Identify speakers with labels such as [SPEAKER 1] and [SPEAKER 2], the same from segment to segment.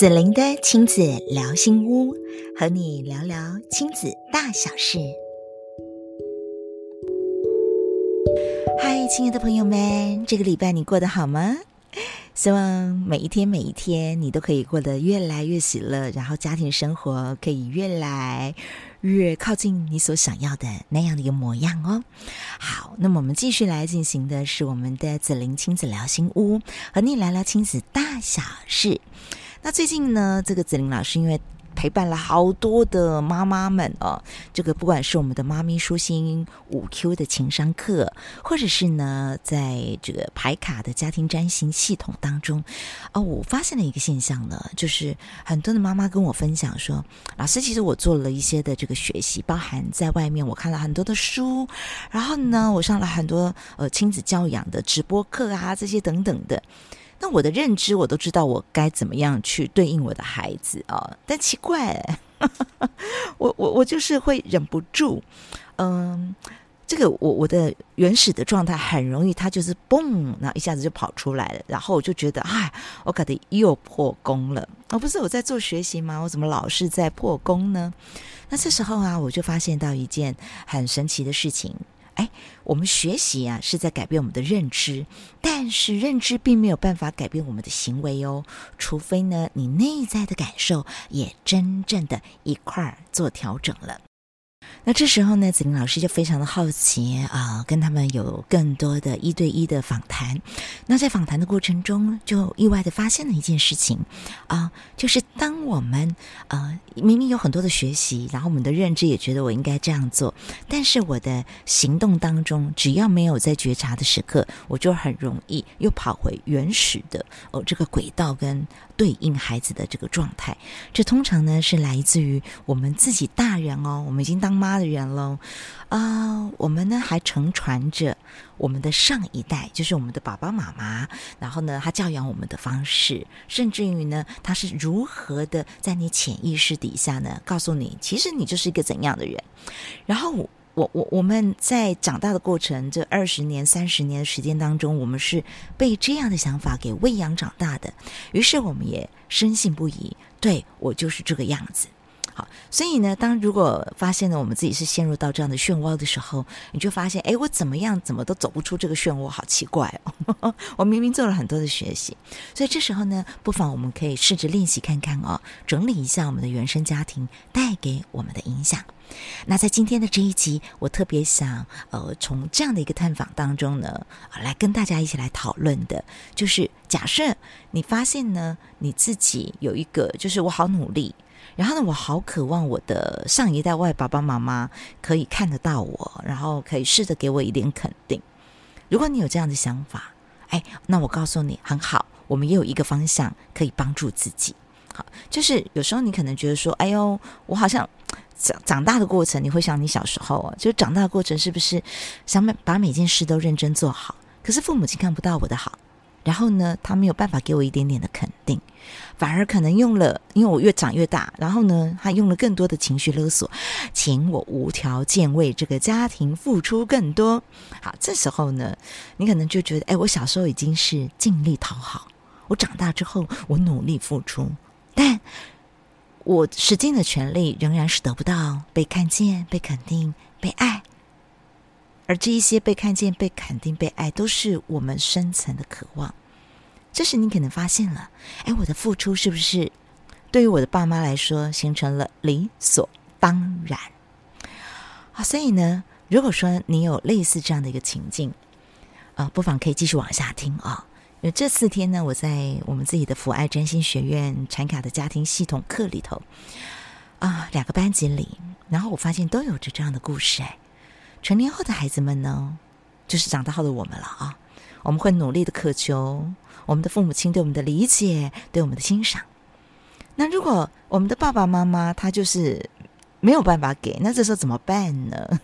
[SPEAKER 1] 子玲的親子聊心屋，和你聊聊親子大小事。嗨，親愛的朋友們，這個禮拜你過得好嗎？希望每一天每一天你都可以過得越來越喜樂，然後家庭生活可以越來越靠近你所想要的那樣的一個模樣哦。好，那麼我們繼續來進行的是我們的子玲親子聊心屋，和你聊聊親子大小事。那最近呢，這個子玲老師因為陪伴了好多的媽媽們哦，這個不管是我們的媽咪舒心五 Q 的情商課，或者是呢，在這個牌卡的家庭占心系統當中，啊、哦，我發現了一個現象呢，就是很多的媽媽跟我分享說，老師，其實我做了一些的這個學習，包含在外面我看了很多的書，然後呢，我上了很多呃親子教養的直播課啊，這些等等的。那我的認知，我都知道我該怎麼樣去對應我的孩子啊、哦！但奇怪，呵呵我我我就是會忍不住，嗯、呃，這個我我的原始的狀態很容易，他就是嘣，然後一下子就跑出來了，然後我就覺得，哎，我感覺又破功了啊、哦！不是我在做學習嗎？我怎麼老是在破功呢？那這時候啊，我就發現到一件很神奇的事情。哎，我們學習啊，是在改變我們的認知，但是認知並沒有辦法改變我們的行為哦，除非呢，你內在的感受也真正的一塊兒做調整了。那這時候呢，子玲老師就非常的好奇啊，跟他們有更多的一對一的訪談。那在訪談的過程中，就意外地發現了一件事情啊，就是當我們呃、啊、明明有很多的學習，然後我們的認知也覺得我應該這樣做，但是我的行動當中，只要沒有在覺察的時刻，我就很容易又跑回原始的哦這個軌道跟。對應孩子的這個狀態，這通常呢是來自於我們自己大人哦，我們已經當媽的人嘍，啊、uh，我們呢還承傳着我們的上一代，就是我們的爸爸媽媽，然後呢，他教養我們的方式，甚至於呢，他是如何的在你潛意識底下呢，告訴你，其實你就是一個怎樣的人，然後。我我我們在長大的過程，這二十年、三十年的時間當中，我們是被這樣的想法給餵養長大的，於是我們也深信不疑。對我就是這個樣子。好，所以呢，當如果發現呢，我們自己是陷入到這樣的漩渦的時候，你就發現，哎，我怎麼樣，怎麼都走不出這個漩渦，好奇怪哦！ 我明明做了很多的學習，所以這時候呢，不妨我們可以試着練習看看哦，整理一下我們的原生家庭帶給我們的影響。那在今天的這一集，我特別想呃，從這樣的一個探訪當中呢，來跟大家一起來討論的，就是假設你發現呢，你自己有一個，就是我好努力，然後呢，我好渴望我的上一代外爸爸媽媽可以看得到我，然後可以試着給我一點肯定。如果你有這樣的想法，哎，那我告訴你，很好，我們也有一個方向可以幫助自己。好，就是有時候你可能覺得說，哎喲，我好像。長長大的過程，你會想你小時候、啊，就長大的過程是不是想把每件事都認真做好？可是父母親看不到我的好，然後呢，他沒有辦法給我一點點的肯定，反而可能用了，因為我越長越大，然後呢，他用了更多的情緒勒索，請我無條件為這個家庭付出更多。好，這時候呢，你可能就覺得，哎，我小時候已經是盡力討好，我長大之後我努力付出，但。我使盡了全力，仍然是得不到被看見、被肯定、被愛。而這一些被看見、被肯定、被愛，都是我們深層的渴望。這時你可能發現了，哎，我的付出是不是對於我的爸媽來說，形成了理所當然？啊，所以呢，如果說你有類似這樣的一個情境，啊，不妨可以繼續往下聽啊。有這四天呢，我在我們自己的芙愛占心學院禪卡的家庭系統課裡頭，啊，兩個班級裡，然後我發現都有着這樣的故事誒，成年後的孩子們呢，就是長大後的我們了啊，我們會努力的渴求我們的父母親對我們的理解，對我們的欣賞。那如果我們的爸爸媽媽他就是沒有辦法給，那這時候怎麼辦呢？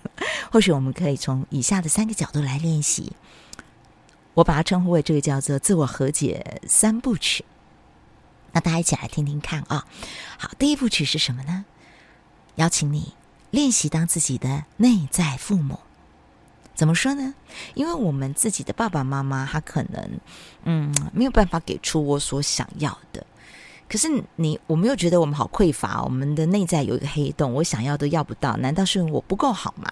[SPEAKER 1] 或許我們可以從以下的三個角度來練習。我把它稱呼為這個叫做“自我和解三部曲”，那大家一起來聽聽看啊、哦！好，第一部曲是什麼呢？邀請你練習當自己的內在父母。怎麼說呢？因為我們自己的爸爸媽媽，他可能嗯沒有辦法給出我所想要的。可是你，我沒有覺得我們好匱乏，我們的內在有一個黑洞，我想要都要不到。難道是我不夠好嗎？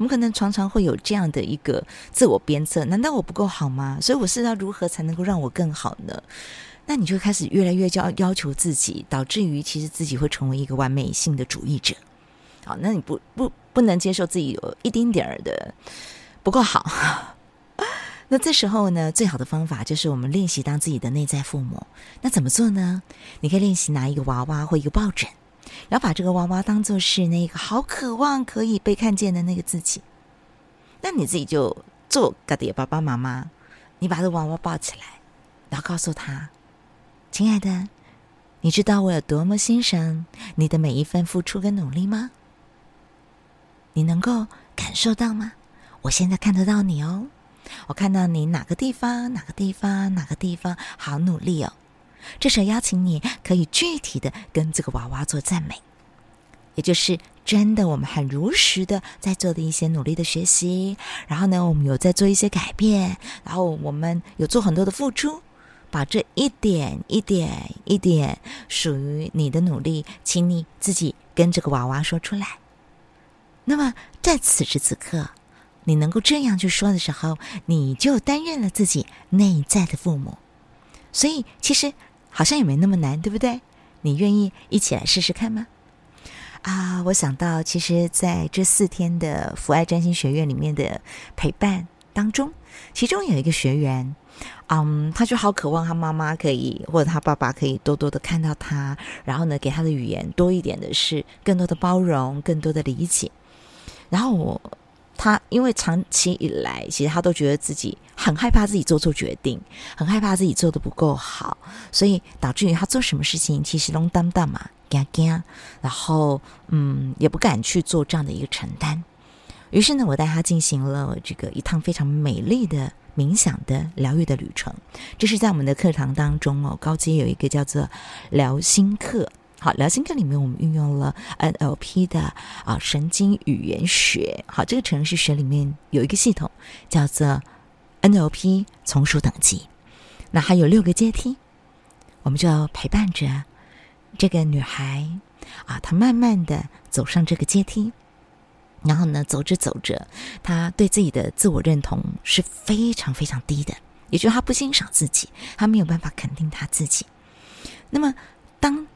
[SPEAKER 1] 我們可能常常會有這樣的一個自我鞭策：難道我不夠好嗎？所以我是要如何才能夠讓我更好呢？那你就開始越來越要要求自己，導致於其實自己會成為一個完美性的主義者。好，那你不不不能接受自己有一丁點兒的不夠好。 那這時候呢，最好的方法就是我們練習當自己的內在父母。那怎麼做呢？你可以練習拿一個娃娃或一個抱枕。然後把這個娃娃當做是那個好渴望可以被看見的那個自己，那你自己就做他的爸爸媽媽，你把這娃娃抱起來，然後告訴他：“親愛的，你知道我有多麼欣賞你的每一份付出跟努力嗎？你能夠感受到嗎？我現在看得到你哦，我看到你哪個地方，哪個地方，哪個地方好努力哦。”這時候邀請你，可以具體的跟這個娃娃做讚美，也就是真的，我們很如實的在做的一些努力的學習，然後呢，我們有在做一些改變，然後我們有做很多的付出，把這一點一點一點屬於你的努力，請你自己跟這個娃娃說出來。那麼在此時此刻，你能夠這樣去說的時候，你就擔任了自己內在的父母，所以其實。好像也沒那麼難，對不對？你願意一起來試試看嗎？啊、uh，我想到，其實在這四天的芙愛占星學院裡面的陪伴當中，其中有一個學員，嗯、um，他就好渴望他媽媽可以或者他爸爸可以多多的看到他，然後呢，給他的語言多一點的是更多的包容，更多的理解，然後我。他因為長期以來，其實他都覺得自己很害怕自己做錯決定，很害怕自己做得不夠好，所以導致於他做什麼事情其實都膽膽嘛，干干。然後，嗯，也不敢去做這樣的一個承擔。於是呢，我帶他進行了這個一趟非常美麗的冥想的療癒的旅程。這是在我們的課堂當中哦，高階有一個叫做聊心課。好，聊心課裡面我們運用了 NLP 的，啊神經語言學。好，這個程式學裡面有一個系統叫做 NLP 從屬等級，那還有六個階梯。我們就要陪伴着這個女孩啊，她慢慢的走上這個階梯，然後呢，走着走着，她對自己的自我認同是非常非常低的，也就是她不欣賞自己，她沒有辦法肯定她自己。那麼當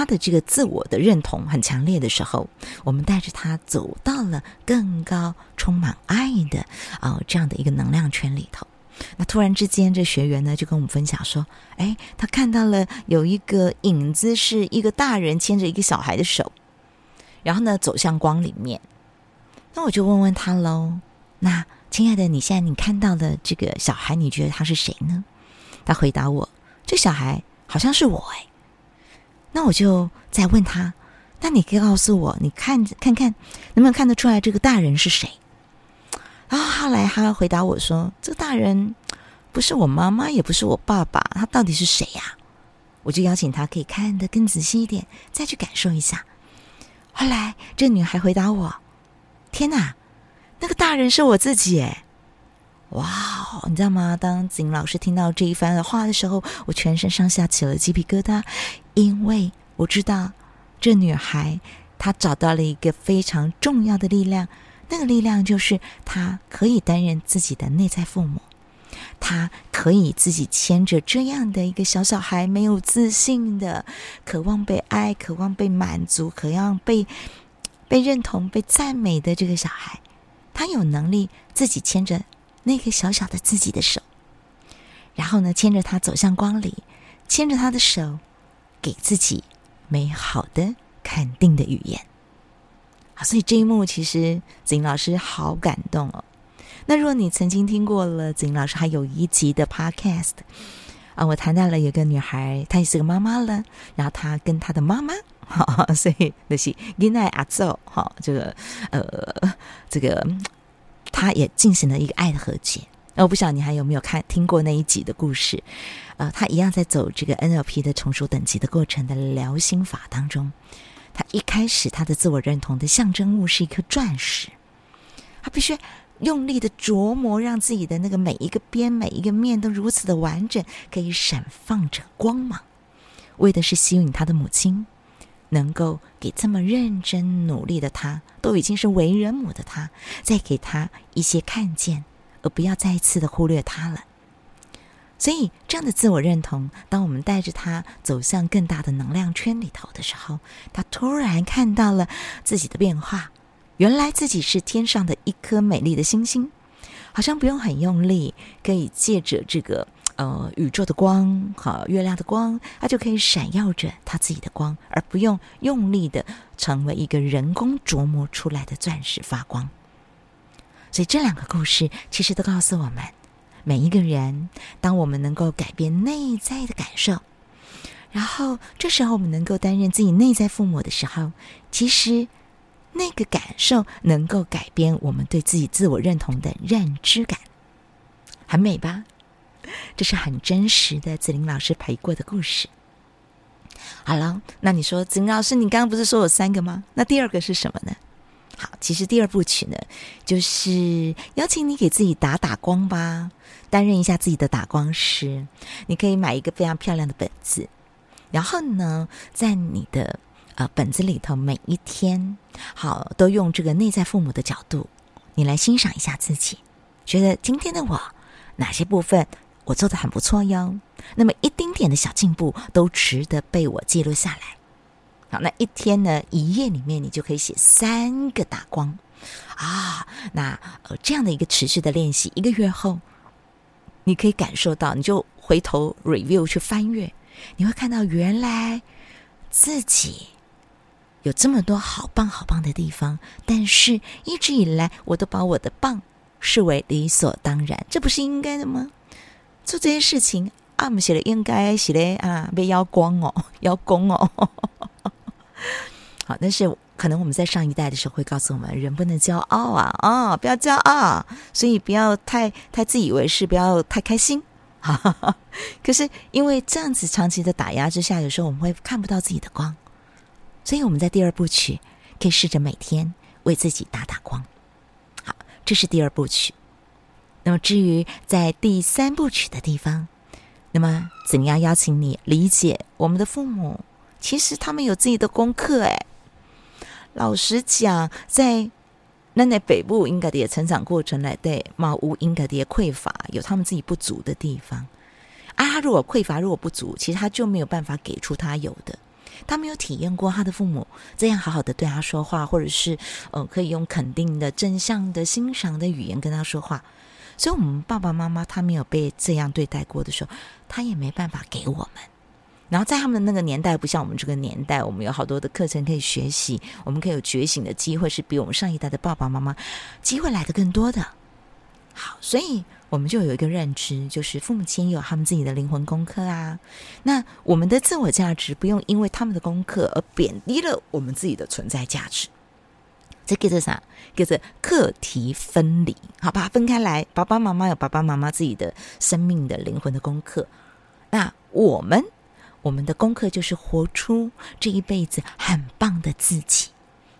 [SPEAKER 1] 他的這個自我的認同很強烈的時候，我們帶着他走到了更高、充滿愛的哦，這樣的一個能量圈裡頭。那突然之間，這學員呢就跟我們分享說：“哎，他看到了有一個影子，是一個大人牽着一個小孩的手，然後呢走向光裡面。”那我就問問他嘍：“那親愛的，你現在你看到的這個小孩，你覺得他是誰呢？”他回答我：“這小孩好像是我哎。”那我就再問他，那你可以告訴我，你看看看，看，能不能看得出來這個大人是誰？啊後，後來他回答我說，這個大人不是我媽媽，也不是我爸爸，他到底是誰呀、啊？我就邀請他可以看得更仔細一點，再去感受一下。後來這個女孩回答我，天哪，那個大人是我自己！哎。哇，wow，你知道嗎？當子玲老師聽到這一番話的時候，我全身上下起了雞皮疙瘩，因為我知道這女孩她找到了一個非常重要的力量，那個力量就是她可以擔任自己的內在父母，她可以自己牽着這樣的一個小小孩，沒有自信的，渴望被愛，渴望被滿足，渴望被被認同、被讚美的這個小孩，他有能力自己牽着。那個小小的自己的手，然後呢，牽着他走向光裡，牽着他的手，給自己美好的肯定的語言。好，所以這一幕其實子玲老師好感動哦。那如果你曾經聽過了，子玲老師還有一集的 podcast 啊，我談到了有個女孩，她也是個媽媽了，然後她跟她的媽媽，所以那、就是因愛而走。好、啊，這個呃，這個。他也進行了一個愛的和解。我不曉得你還有沒有看聽過那一集的故事，呃，他一樣在走這個 NLP 的成熟等級的過程的療心法當中。他一開始他的自我認同的象徵物是一顆鑽石，他必須用力的琢磨，讓自己的那個每一個邊、每一個面都如此的完整，可以閃放着光芒，為的是吸引他的母親。能夠給這麼認真努力的他，都已經是為人母的他，再給他一些看見，而不要再次的忽略他了。所以，這樣的自我認同，當我們帶着他走向更大的能量圈裡頭的時候，他突然看到了自己的變化。原來自己是天上的一顆美麗的星星，好像不用很用力，可以借着這個，呃，宇宙的光，和、啊、月亮的光，它就可以閃耀着它自己的光，而不用用力的成為一個人工琢磨出來的鑽石發光。所以這兩個故事其實都告訴我們，每一個人，當我們能夠改變內在的感受，然後這時候我們能夠擔任自己內在父母的時候，其實那個感受能夠改變我們對自己自我認同的認知感。很美吧？這是很真實的，子玲老師陪過的故事。好了，那你說，子玲老師，你剛剛不是說有三個嗎？那第二個是什麼呢？好，其實第二部曲呢，就是邀請你給自己打打光吧，擔任一下自己的打光師。你可以買一個非常漂亮的本子，然後呢，在你的呃本子裡頭，每一天好都用這個內在父母的角度，你來欣賞一下自己，覺得今天的我哪些部分。我做得很不錯喲，那麼一丁點的小進步都值得被我記錄下來。好，那一天呢，一頁裡面你就可以寫三個打光啊。那呃，這樣的一個持續的練習，一個月後，你可以感受到，你就回頭 review 去翻閱，你會看到原來自己有這麼多好棒好棒的地方，但是一直以來我都把我的棒視為理所當然，這不是應該的嗎？做這件事情，阿姆寫的應該寫的啊，被邀光哦，邀功哦。 好，但是可能我們在上一代的時候會告訴我們，人不能驕傲啊啊、哦，不要驕傲，所以不要太太自以為是，不要太開心。哈哈哈。可是因為這樣子長期的打壓之下，有時候我們會看不到自己的光，所以我們在第二部曲可以試着每天為自己打打光。好，這是第二部曲。那麼，至於在第三部曲的地方，那麼怎樣邀請你理解我們的父母？其實他們有自己的功課。欸。哎，老實講，在那在北部應該的成長過程來的，對某屋應該的也匱乏，有他們自己不足的地方。啊。他如果匱乏，如果不足，其實他就沒有辦法給出他有的。他沒有體驗過他的父母這樣好好的對他說話，或者是嗯，可以用肯定的、正向的、欣賞的語言跟他說話。所以，我們爸爸媽媽他沒有被這樣對待過的時候，他也沒辦法給我們。然後，在他們的那個年代，不像我們這個年代，我們有好多的課程可以學習，我們可以有覺醒的機會，是比我們上一代的爸爸媽媽機會來得更多的。好，所以我們就有一個認知，就是父母親有他們自己的靈魂功課啊。那我們的自我價值不用因為他們的功課而貶低了我們自己的存在價值。這個是啥？叫做課題分離，好，把它分開來。爸爸媽媽有爸爸媽媽自己的生命的靈魂的功課，那我們我們的功課就是活出這一輩子很棒的自己。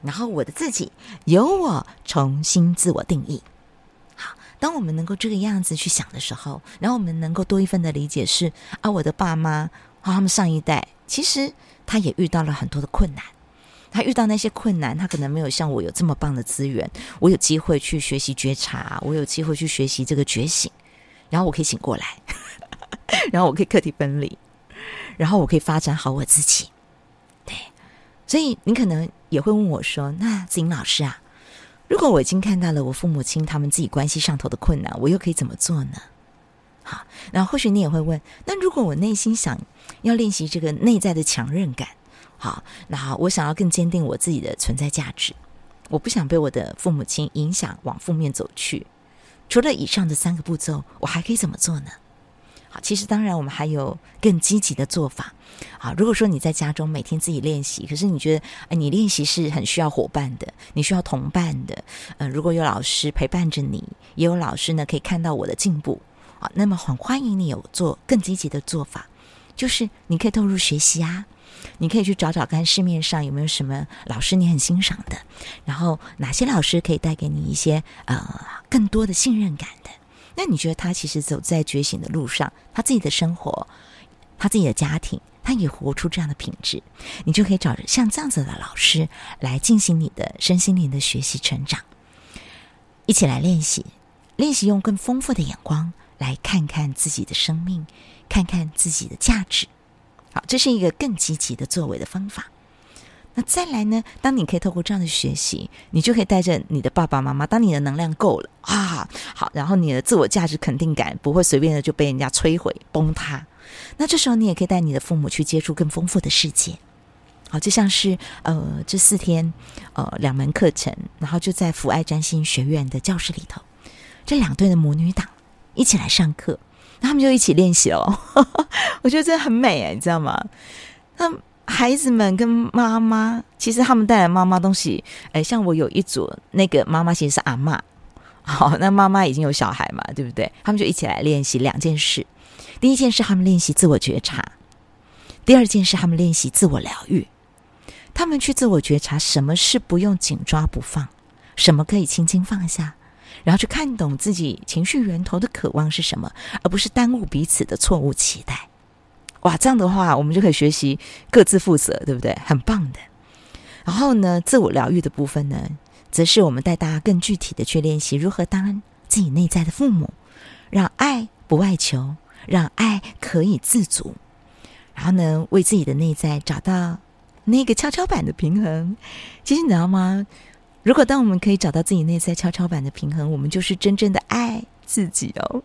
[SPEAKER 1] 然後我的自己由我重新自我定義。好，當我們能夠這個樣子去想的時候，然後我們能夠多一份的理解是：啊，我的爸媽和他們上一代，其實他也遇到了很多的困難。他遇到那些困難，他可能沒有像我有這麼棒的資源。我有機會去學習覺察，我有機會去學習這個覺醒，然後我可以醒過來，然後我可以課題分離，然後我可以發展好我自己。對，所以你可能也會問我說：“那子玲老師啊，如果我已經看到了我父母親他們自己關係上頭的困難，我又可以怎麼做呢？”好，然後或許你也會問：“那如果我內心想要練習這個內在的強韌感？”好，那好，我想要更堅定我自己的存在價值，我不想被我的父母親影響往負面走去。除了以上的三個步驟，我還可以怎麼做呢？好，其實當然我們還有更積極的做法。好，如果說你在家中每天自己練習，可是你覺得、哎、你練習是很需要夥伴的，你需要同伴的。嗯、呃，如果有老師陪伴着你，也有老師呢，可以看到我的進步啊，那麼很歡迎你有做更積極的做法，就是你可以投入學習啊。你可以去找找看市面上有沒有什麼老師你很欣賞的，然後哪些老師可以帶給你一些呃更多的信任感的？那你覺得他其實走在覺醒的路上，他自己的生活，他自己的家庭，他也活出這樣的品質，你就可以找着像這樣子的老師來進行你的身心靈的學習成長，一起來練習，練習用更豐富的眼光來看看自己的生命，看看自己的價值。好，這是一個更積極的作為的方法。那再來呢？當你可以透過這樣的學習，你就可以帶着你的爸爸媽媽。當你的能量夠了啊，好，然後你的自我價值肯定感不會隨便的就被人家摧毀崩塌。那這時候，你也可以帶你的父母去接觸更豐富的世界。好，就像是呃，這四天呃兩門課程，然後就在芙愛占星學院的教室裡頭，這兩對的母女檔一起來上課。那他們就一起練習哦， 我覺得真的很美哎，你知道嗎？那孩子們跟媽媽，其實他們帶來媽媽東西，誒、哎、像我有一組那個媽媽其實是阿嬤，好，那媽媽已經有小孩嘛，對不對？他們就一起來練習兩件事，第一件事他們練習自我覺察，第二件事他們練習自我療癒，他們去自我覺察什麼事不用緊抓不放，什麼可以輕輕放下。然後去看懂自己情緒源頭的渴望是什麼，而不是耽誤彼此的錯誤期待。哇，這樣的話，我們就可以學習各自負責，對不對？很棒的。然後呢，自我療癒的部分呢，則是我們帶大家更具體的去練習如何當自己內在的父母，讓愛不外求，讓愛可以自足。然後呢，為自己的內在找到那個蹺蹺板的平衡。其實你知道嗎？如果當我們可以找到自己內在蹺蹺板的平衡，我們就是真正的愛自己哦。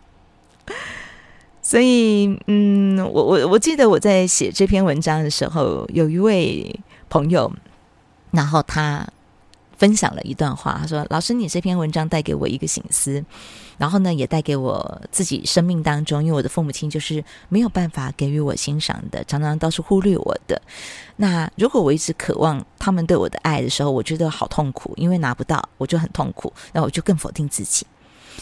[SPEAKER 1] 所以，嗯，我我我記得我在寫這篇文章的時候，有一位朋友，然後他分享了一段話，他說：“老師，你這篇文章帶給我一個省思。”然後呢，也帶給我自己生命當中，因為我的父母親就是沒有辦法給予我欣賞的，常常都是忽略我的。那如果我一直渴望他們對我的愛的時候，我覺得好痛苦，因為拿不到，我就很痛苦，那我就更否定自己。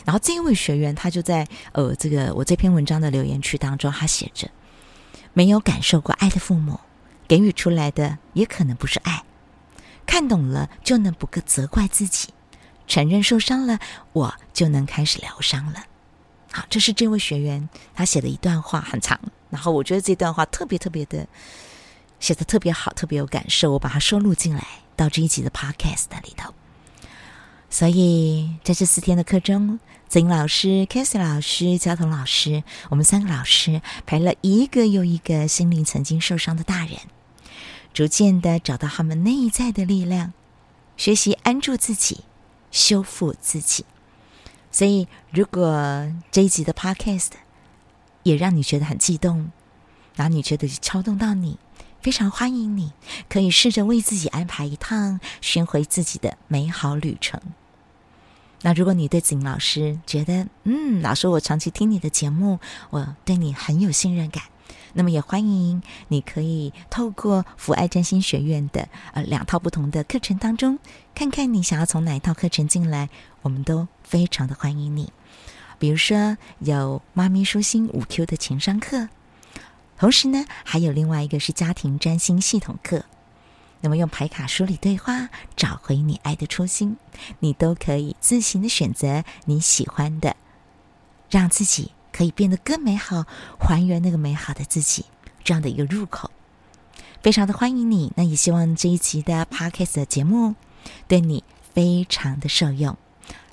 [SPEAKER 1] 然後這一位學員，他就在呃這個我這篇文章的留言區當中，他寫着：沒有感受過愛的父母給予出來的，也可能不是愛。看懂了，就能不責怪自己。承認受傷了，我就能開始療傷了。好，這是這位學員他寫的一段話，很長。然後我覺得這段話特別特別的寫的特別好，特別有感受，我把它收錄進來到這一集的 podcast 裡頭。所以在這四天的課中，子玲老師、Cassie 老師、焦彤老師，我們三個老師陪了一個又一個心靈曾經受傷的大人，逐漸的找到他們內在的力量，學習安住自己。修復自己，所以如果這一集的 podcast 也讓你覺得很激動，然後你覺得觸動到你，非常歡迎你，可以試着為自己安排一趟尋回自己的美好旅程。那如果你對子玲老師覺得，嗯，老師我長期聽你的節目，我對你很有信任感。那麼也歡迎，你可以透過芙愛占心學院的呃兩套不同的課程當中，看看你想要從哪一套課程進來，我們都非常的歡迎你。比如說有媽咪舒心五 Q 的情商課，同時呢還有另外一個是家庭占心系統課。那麼用牌卡梳理對話，找回你愛的初心，你都可以自行的選擇你喜歡的，讓自己。可以變得更美好，還原那個美好的自己，這樣的一個入口，非常的歡迎你。那也希望這一期的 podcast 的節目對你非常的受用。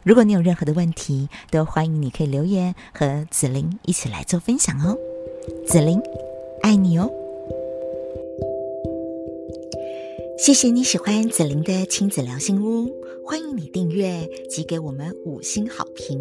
[SPEAKER 1] 如果你有任何的問題，都歡迎你可以留言和子玲一起來做分享哦。子玲愛你哦！謝謝你喜歡子玲的親子聊心屋，歡迎你訂閱及給我們五星好評。